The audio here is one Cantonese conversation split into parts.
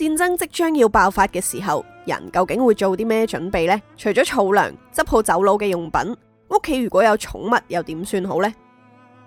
戰爭即將要爆發嘅時候，人究竟會做啲咩準備呢？除咗儲糧、執好走佬嘅用品，屋企如果有寵物，又點算好呢？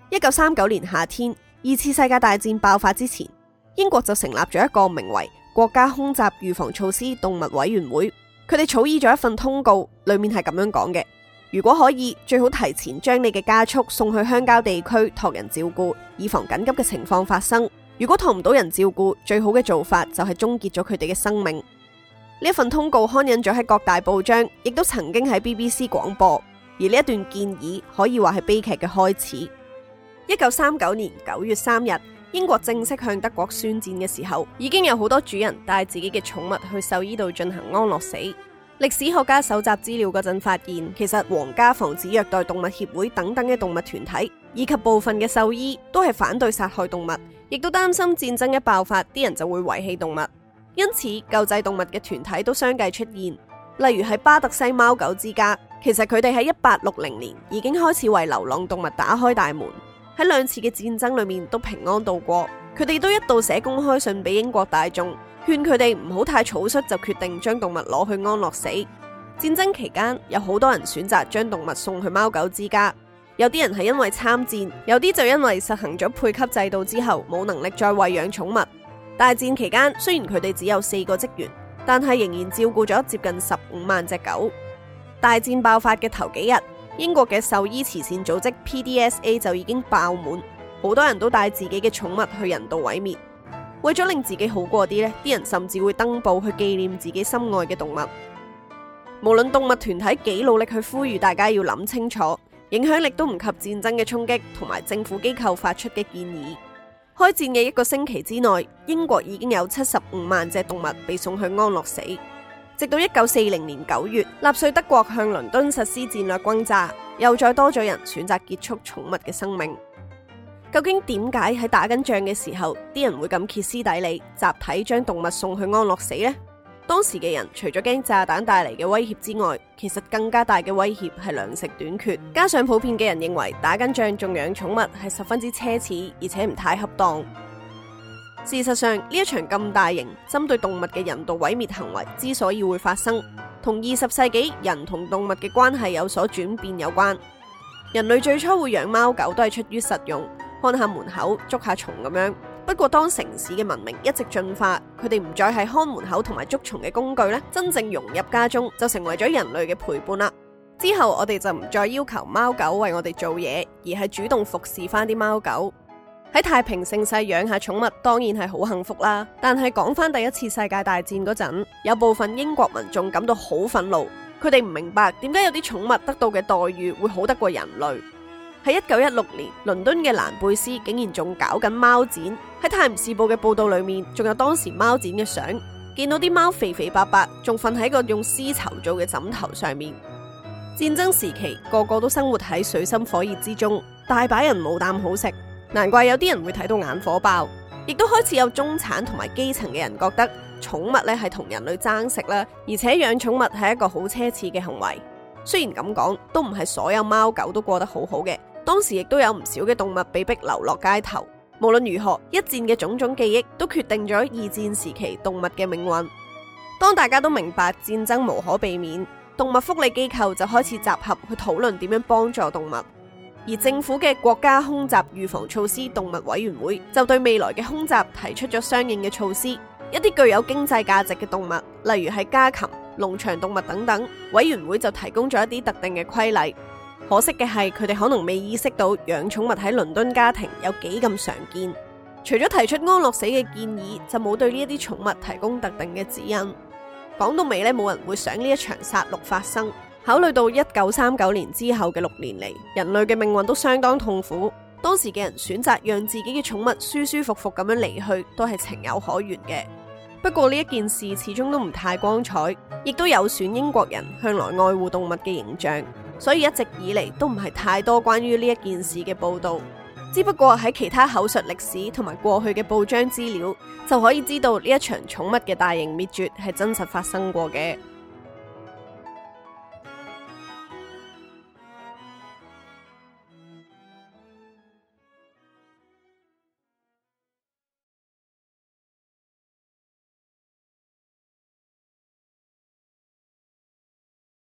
一九三九年夏天，二次世界大戰爆發之前，英國就成立咗一個名為《國家空襲預防措施動物委員會》。佢哋草擬咗一份通告，裏面係咁樣講嘅：如果可以，最好提前將你嘅家畜送去鄉郊地區託人照顧，以防緊急嘅情況發生。如果託唔到人照顧，最好嘅做法就係終結咗佢哋嘅生命。呢一份通告刊印咗喺各大報章，亦都曾經喺 BBC 廣播。而呢一段建議可以話係悲劇嘅開始。一九三九年九月三日，英國正式向德國宣戰嘅時候，已經有好多主人帶自己嘅寵物去獸醫度進行安樂死。歷史學家搜集資料嗰陣發現，其實皇家防止虐待動物協會等等嘅動物團體以及部分嘅獸醫都係反對殺害動物。亦都擔心戰爭一爆發，啲人就會遺棄動物，因此救濟動物嘅團體都相繼出現，例如喺巴特西貓狗之家。其實佢哋喺一八六零年已經開始為流浪動物打開大門，喺兩次嘅戰爭裏面都平安度過。佢哋都一度寫公開信俾英國大眾，勸佢哋唔好太草率就決定將動物攞去安樂死。戰爭期間，有好多人選擇將動物送去貓狗之家。有啲人係因為參戰，有啲就因為實行咗配給制度之後冇能力再餵養寵物。大戰期間，雖然佢哋只有四個職員，但係仍然照顧咗接近十五萬隻狗。大戰爆發嘅頭幾日，英國嘅獸醫慈善組織 PDSA 就已經爆滿，好多人都帶自己嘅寵物去人道毀滅。為咗令自己好過啲咧，啲人甚至會登報去紀念自己心愛嘅動物。無論動物團體幾努力去呼籲大家要諗清楚，影響力都唔及戰爭嘅衝擊，同埋政府機構發出嘅建議。開戰嘅一個星期之內，英國已經有七十五萬隻動物被送去安樂死。直到一九四零年九月，納粹德國向倫敦實施戰略轟炸，又再多咗人選擇結束寵物嘅生命。究竟點解喺打緊仗嘅時候，啲人會咁歇斯底里，集體將動物送去安樂死呢？當時嘅人除咗驚炸彈帶嚟嘅威脅之外，其實更加大嘅威脅係糧食短缺。加上普遍嘅人認為打緊仗仲養寵物係十分之奢侈，而且唔太恰當。事實上，呢一場咁大型針對動物嘅人道毀滅行為之所以會發生，同二十世紀人同動物嘅關係有所轉變有關。人類最初會養貓狗都係出於實用，看下門口捉下蟲咁樣。不過，當城市嘅文明一直進化，佢哋唔再係看門口同埋捉蟲嘅工具咧，真正融入家中就成為咗人類嘅陪伴啦。之後我哋就唔再要求貓狗為我哋做嘢，而係主動服侍翻啲貓狗。喺太平盛世養下寵物，當然係好幸福啦。但係講翻第一次世界大戰嗰陣，有部分英國民眾感到好憤怒，佢哋唔明白點解有啲寵物得到嘅待遇會好得過人類。喺一九一六年，倫敦嘅蘭貝斯竟然仲搞緊貓展。喺泰晤士報嘅報道裏面，仲有當時貓展嘅相，見到啲貓肥肥白白，仲瞓喺個用絲綢做嘅枕頭上面。戰爭時期，個個都生活喺水深火熱之中，大把人冇啖好食，難怪有啲人會睇到眼火爆，亦都開始有中產同埋基層嘅人覺得，寵物咧係同人類爭食啦，而且養寵物係一個好奢侈嘅行為。雖然咁講，都唔係所有貓狗都過得好好嘅。當時亦都有唔少嘅動物被迫流落街頭。無論如何，一戰嘅種種記憶都決定咗二戰時期動物嘅命運。當大家都明白戰爭無可避免，動物福利機構就開始集合去討論點樣幫助動物。而政府嘅國家空襲預防措施動物委員會就對未來嘅空襲提出咗相應嘅措施。一啲具有經濟價值嘅動物，例如係家禽。農場動物等等，委員會就提供咗一啲特定嘅規例。可惜嘅係，佢哋可能未意識到養寵物喺倫敦家庭有幾咁常見。除咗提出安樂死嘅建議，就冇對呢一啲寵物提供特定嘅指引。講到尾咧，冇人會想呢一場殺戮發生。考慮到一九三九年之後嘅六年嚟，人類嘅命運都相當痛苦。當時嘅人選擇讓自己嘅寵物舒舒服服咁樣離去，都係情有可原嘅。不過呢一件事始終都唔太光彩，亦都有損英國人向來愛護動物嘅形象，所以一直以嚟都唔係太多關於呢一件事嘅報道。只不過喺其他口述歷史同埋過去嘅報章資料，就可以知道呢一場寵物嘅大型滅絕係真實發生過嘅。